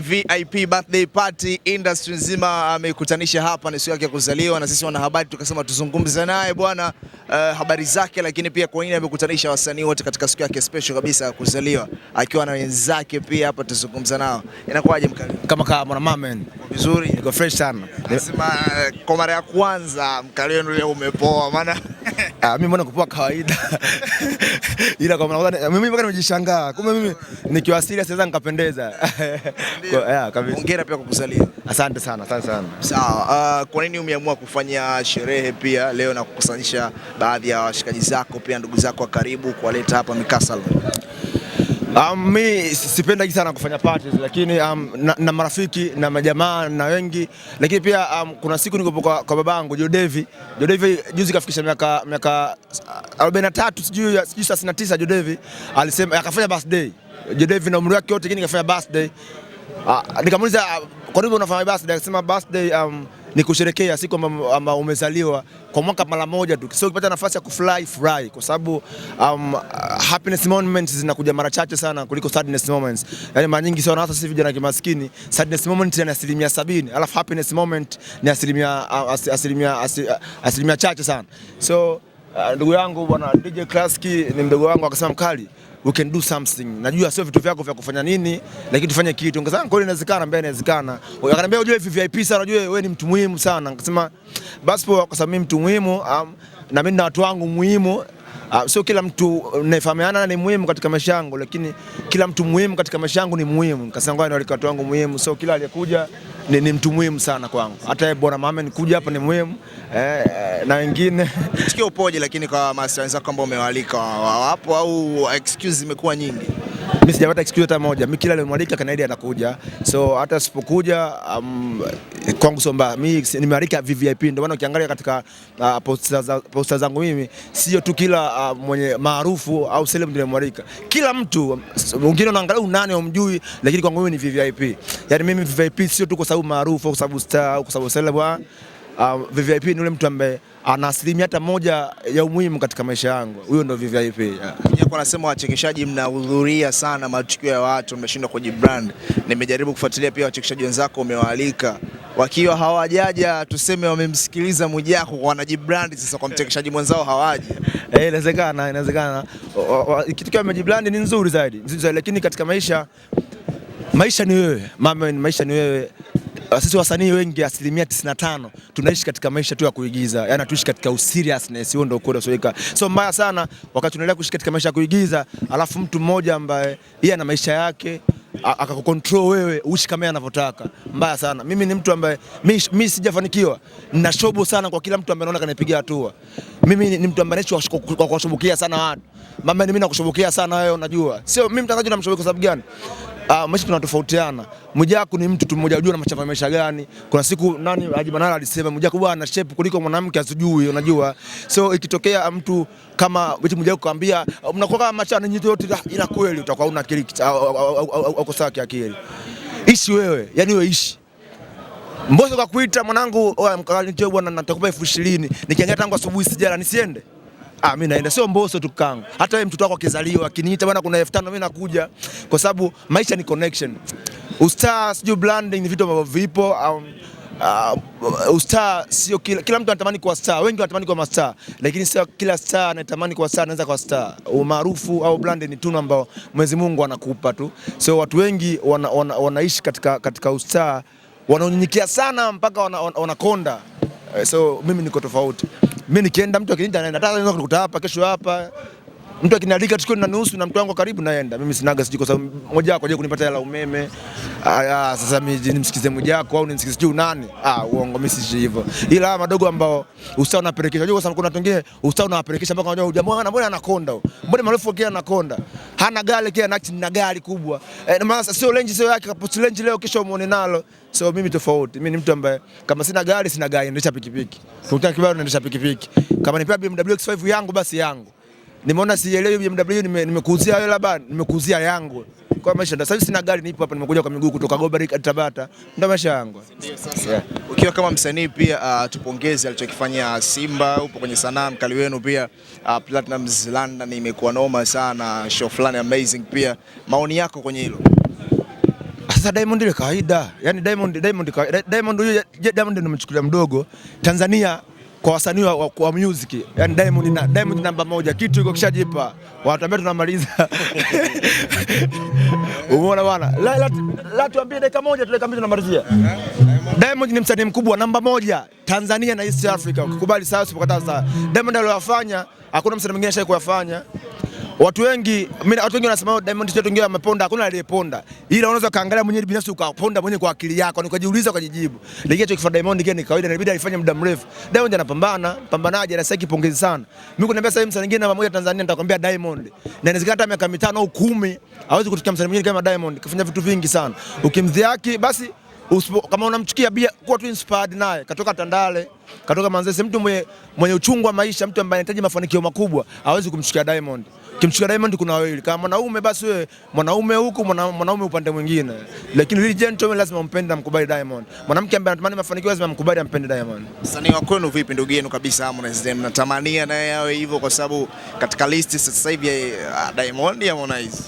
VIP birthday party industry nzima amekutanisha hapa, ni siku yake ya kuzaliwa, na sisi wanahabari tukasema tuzungumze naye bwana Eh, habari zake, lakini pia kwa nini amekutanisha wasanii wote katika siku yake special kabisa ya kuzaliwa akiwa na wenzake pia hapa, tuzungumza nao. Inakuwaje mkali? Kama kama mwana mama vizuri, niko fresh sana. Nasema eh, kwa mara ya kwanza mkali wenu leo umepoa maana Ah, mimi mbona kupoa kawaida. Ila kwa maana mimi mpaka nimejishangaa. Kumbe mimi nikiwa serious naweza nikapendeza. Kwa yeah, kabisa. Hongera pia kwa kuzaliwa. Asante sana, asante sana. Sawa. Uh, kwa nini umeamua kufanya sherehe pia leo na kukusanyisha baadhi ya washikaji zako pia ndugu zako wa karibu kuwaleta hapa Mikasa? Um, mi sipendi sana kufanya parties lakini um, na, na marafiki na majamaa na wengi, lakini pia um, kuna siku niko kwa, kwa babangu Joe Devi. Joe Devi juzi kafikisha miaka miaka 43 uh, sijui sijui 39. Devi alisema akafanya birthday. Joe Devi na umri wake wote, lakini kafanya birthday. Uh, nikamuuliza uh, kwa nini unafanya birthday? Akasema birthday um, ni kusherekea siku ambao umezaliwa kwa mwaka mara moja tu, sio ukipata nafasi ya kufurahi furahi, kwa sababu um, happiness moments zinakuja mara chache sana kuliko sadness moments. Yani mara nyingi sana, hasa sisi vijana kimaskini, sadness moment ni asilimia sabini alafu happiness moment ni asilimia asilimia chache sana so Ah, ndugu yangu bwana DJ Classic ni mdogo wangu, akasema mkali, we can do something. Najua sio vitu vyako vya kufanya nini, lakini tufanye kitu. Nikasema kweli inawezekana, mbaya inawezekana. Akaniambia unajua hivi VIP sana, unajua wewe ni mtu muhimu sana. Akasema basi, kwa sababu mimi mtu muhimu um, na mimi na watu wangu muhimu Uh, sio kila mtu nafahamiana ni muhimu katika maisha yangu, lakini kila mtu muhimu katika maisha yangu ni muhimu. Nikasema ngoja niwalike watu wangu muhimu, so kila aliyekuja ni, ni mtu muhimu sana kwangu. Hata bwana Mohamed kuja hapa ni muhimu eh, eh, na wengine sikia upoje, lakini kwa masta wenzako ambao umewaalika wapo au excuse zimekuwa nyingi? mimi sijapata excuse hata moja. Mimi kila nimemwalika Kanaidi anakuja, so hata sipokuja um, kwangu sio mbaya. Mimi nimealika VIP, ndio maana ukiangalia katika uh, posta posta zangu mimi sio tu kila uh, mwenye maarufu au celeb nimemwalika, kila mtu mwingine unaangalia unane umjui, lakini kwangu mimi ni VIP. Yani mimi VIP sio tu kwa sababu maarufu au kwa sababu star au kwa sababu celeb um, ah, VVIP ni yule mtu ambaye ana asilimia hata moja ya umuhimu katika maisha yangu, huyo ndo VVIP. Yeah. Anasema wachekeshaji mnahudhuria sana matukio ya watu, mmeshindwa kujibrand. Nimejaribu kufuatilia pia wachekeshaji wenzako umewaalika wakiwa hawajaja tuseme wamemsikiliza Mwijaku, wanajibrand sasa kwa mchekeshaji mwenzao hawaji. Eh, inawezekana inawezekana kitu kama mjibrand ni nzuri zaidi, nzuri zaidi, lakini katika maisha maisha ni wewe mama, maisha ni wewe Ah, sisi wasanii wengi asilimia 95 tunaishi katika maisha tu ya kuigiza, yani tuishi katika seriousness, hiyo ndio ukweli usoweka. So mbaya sana wakati tunaendelea kuishi katika maisha ya kuigiza, alafu mtu mmoja ambaye yeye ana maisha yake akakukontrol wewe uishi kama anavyotaka. Mbaya sana. Mimi ni mtu ambaye mimi sijafanikiwa, nina shobo sana kwa kila mtu ambaye anaona kanipigia hatua. Mimi ni mtu ambaye naishi kwa kushubukia sana watu. Mama, mimi nakushubukia sana wewe, unajua sio mimi mtangazaji, namshubukia kwa sababu gani? Ah, maisha tunatofautiana. Mwijaku ni mtu mmoja unajua na machapa maisha gani. Kuna siku nani Haji Manara alisema Mwijaku bwana shape kuliko mwanamke asijui unajua. So ikitokea mtu kama mtu Mwijaku kaambia mnakuwa kama machana nyinyi yote ila kweli utakuwa una akili au kosa akili. Ishi wewe, yani wewe ishi. Mboso kakuita mwanangu, oya mkakali njoo bwana natakupa elfu ishirini. Nikiangalia tangu asubuhi sijala nisiende. Ah, mimi naenda sio mboso tu kangu. Hata wewe mtoto wako akizaliwa akiniita bwana kuna elfu mimi nakuja kwa sababu maisha ni connection. Ustar sio branding ni vitu ambavyo vipo um, Uh, ustaa sio kila, kila mtu anatamani kuwa star, wengi wanatamani kuwa master, lakini sio kila star anatamani kuwa star anaweza kuwa star. Umaarufu au brand ni tunu ambao Mwenyezi Mungu anakupa tu, so watu wengi wana, wana, wanaishi katika, katika ustar wanaonyenyekea sana mpaka wanakonda wana, wana eh, so mimi niko tofauti mimi nikienda mtu akinita naenda, nataka kukuta hapa kesho hapa mtu akinialika tukio na nusu na mtu wangu karibu naenda. Mimi sinaga siji kwa sababu moja wako je kunipata hela umeme. Ah, sasa mimi nimsikize moja wako au nimsikize sijui nani? Ah, uongo mimi siji hivyo. Ila madogo ambao usao unapelekesha. Unajua kwa sababu kuna tungie usao unawapelekesha mpaka unajua jamaa ana mbona anakonda huyo. Mbona maarufu kia anakonda. Hana gari kia na na gari kubwa. Eh, maana sio range sio yake kapost range leo kesho muone nalo. So mimi tofauti. Mimi ni mtu ambaye kama sina gari sina gari naendesha pikipiki. Ukitaka kibao naendesha pikipiki. Kama nipea BMW X5 yangu basi yangu nimeona sielewi BMW, nimekuuzia wewe labda nimekuuzia yangu kwa maisha. Sasa sina gari, nipo hapa, nimekuja kwa miguu kutoka Goba Tabata, ndio maisha yangu. Ndio sasa yeah. Ukiwa kama msanii pia uh, tupongeze alichokifanya Simba, upo kwenye sanaa, mkali wenu pia uh, Platinumz London imekuwa noma sana, show fulani amazing. Pia maoni yako kwenye hilo? Sasa Diamond ile kawaida, yani Diamond Diamond Diamond huyu Diamond nimemchukulia mdogo Tanzania kwa wasanii wa, wa, wa music yani Diamond na Diamond namba moja, kitu iko kishajipa, wanatuambia tunamaliza. Umeona bwana, la, la, la tuambie dakika moja tu, dakika mbili tunamalizia. Diamond ni msanii mkubwa namba moja Tanzania na East Africa, ukikubali sawa, usipokata sawa. Diamond aliyofanya hakuna msanii mwingine ashai kuyafanya. Watu wengi mimi watu wengi wanasema Diamond sio tungiwa ameponda, hakuna aliyeponda. Ila unaweza kaangalia mwenyewe binafsi ukaponda mwenyewe kwa akili yako, na ukajiuliza ukajijibu. Nikiacho kifaa Diamond kile ni kawaida, inabidi alifanye muda mrefu. Diamond anapambana, pambanaje na sasa kipongezi sana. Mimi kuniambia sasa msanii mwingine namba moja Tanzania nitakwambia Diamond. Na inawezekana hata miaka mitano au kumi hawezi kutokea msanii mwingine kama Diamond. Kafanya vitu vingi sana. Ukimdhihaki basi Uspo, kama unamchukia bia kuwa tu inspired naye, katoka Tandale, katoka Manzese, mtu mwenye, mwenye uchungu wa maisha, mtu ambaye anahitaji mafanikio makubwa hawezi kumchukia Diamond. Kimshika Diamond kuna wawili, kama mwanaume basi wewe mwanaume huku mwanaume upande mwingine, lakini really gentleman lazima na mkubali Diamond. Mwanamke ambaye anatamani mafanikio lazima mkubali ampende Diamond. Msanii wa kwenu vipi, ndugu yenu kabisa Harmonize, mnatamania naye awe hivyo, kwa sababu katika list sasa hivi eh, ah, Diamond ya Harmonize?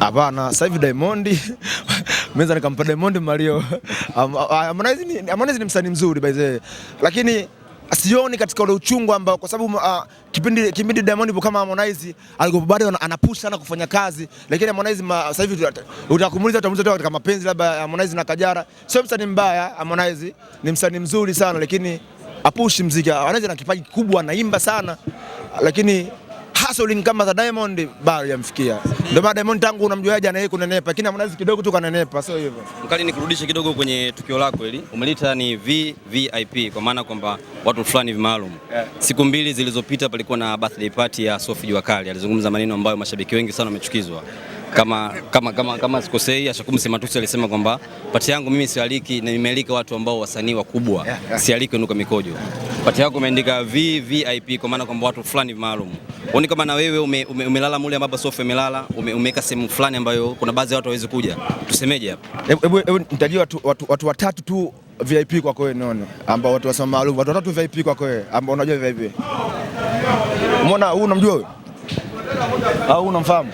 Hapana, sasa hivi Diamond mwanza nikampa Diamond Mario. Ah, Harmonize ni msanii mzuri by the way, lakini sioni katika ule uchungu ambao kwa sababu uh, kipindi kipindi Diamond ipo kama Harmonize alikuwa bado anapush sana kufanya kazi, lakini Harmonize sasa hivi utakumuliza utamuliza katika mapenzi labda Harmonize na kajara Sio msanii mbaya, Harmonize ni msanii mzuri sana, lakini apushi mziki. Harmonize ana kipaji kikubwa, anaimba sana, lakini sasa ulinikama za Diamond bado hujamfikia. Ndio maana Diamond tangu unamjuaje na yeye kunenepa. Lakini Harmonize kidogo tu kanenepa, sio hivyo. Mkali nikurudishe kidogo kwenye tukio lako hili. Umelita ni VVIP kwa maana kwamba watu fulani hivi maalum. Siku mbili zilizopita palikuwa na birthday party ya Sophie Jua Kali. Alizungumza maneno ambayo mashabiki wengi sana wamechukizwa. Kama kama kama kama sikosei, Ashakum Sematusi alisema kwamba pati yangu mimi sialiki na nimealika watu ambao wasanii wakubwa. Sialiki nuka mikojo. Pati yako umeandika VVIP kwa maana kwamba watu fulani maalum. Uone kama na wewe ume, ume, umelala mule ambapo sofa imelala, umeweka sehemu fulani ambayo kuna baadhi ya watu hawezi kuja. Tusemeje hapo? Hebu hebu nitajie watu, watu, watu watatu tu VIP kwako wewe naona ambao watu wasema maarufu, watu watatu VIP kwako wewe ambao unajua VIP. Umeona huu unamjua wewe? Au unamfahamu?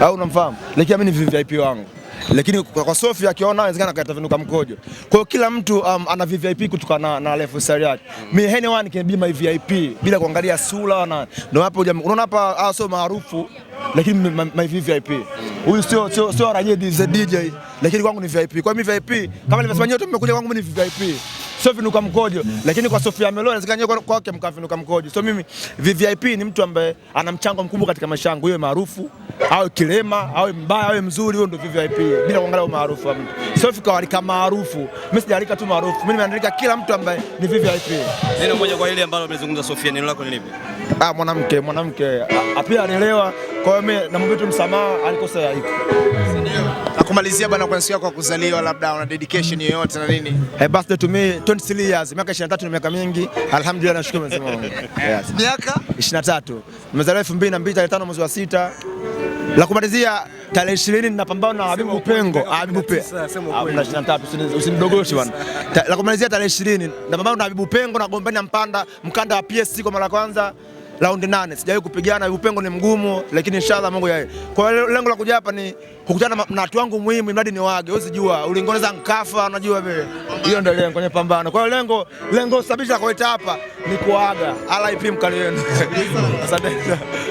Au unamfahamu? ni VIP wangu lakini kwa Sofia akiona inawezekana akatavinuka mkojo. Kwa hiyo kila mtu um, ana VIP kutoka na na lifestyle yake. Mimi mm. anyone can be my VIP bila kuangalia sura na ndio hapo unaona hapa ah, sio maarufu lakini my VIP. Huyu mm. sio sio sio Raje DJ DJ lakini kwangu ni VIP. Kwa mimi VIP kama nilivyosema nyote mmekuja kwangu ni VIP. Sio vinuka mkojo, mm. lakini kwa Sofia Melo inawezekana yeye kwake mkavinuka mkojo. So mimi VIP ni mtu ambaye ana mchango mkubwa katika maisha yangu, iwe maarufu awe kilema awe mbaya awe mzuri, huyo ndio VIP bila kuangalia umaarufu wa mtu. Sio fika alika maarufu, mimi sijalika tu maarufu, mimi nimeandika kila mtu ambaye ni VIP. Neno moja kwa ile ambayo umezungumza Sofia, neno lako ni lipi? Ah, mwanamke mwanamke apia anaelewa. Kwa hiyo mimi namwambia tu msamaha, alikosea hiko na kumalizia bwana, kwa siku yako ya kuzaliwa, labda una dedication yoyote na nini? Hey, eh, birthday to me 23 years, miaka 23 ni miaka mingi, alhamdulillah, nashukuru Mwenyezi Mungu. Miaka 23 na 2002 tarehe 5 mwezi wa sita. La kumalizia tarehe 20 ninapambana na Habibu Pengo, Habibu Pengo. Hamna 23 bwana. La kumalizia tarehe 20 ninapambana na Habibu Pengo na gombani mpanda mkanda wa PSC kwa mara ya kwanza raundi nane, sijawahi kupigana, upengo ni mgumu, lakini inshallah Mungu yae. Kwa hiyo lengo la kuja hapa ni kukutana na watu wangu muhimu, mradi ni wage sijua ulingoneza nkafa, unajua vile, hiyo ndio lengo kwenye pambano. Kwa hiyo lengo lengo sababisha kuleta hapa ni kuaga RIP mkali wenu. Asante.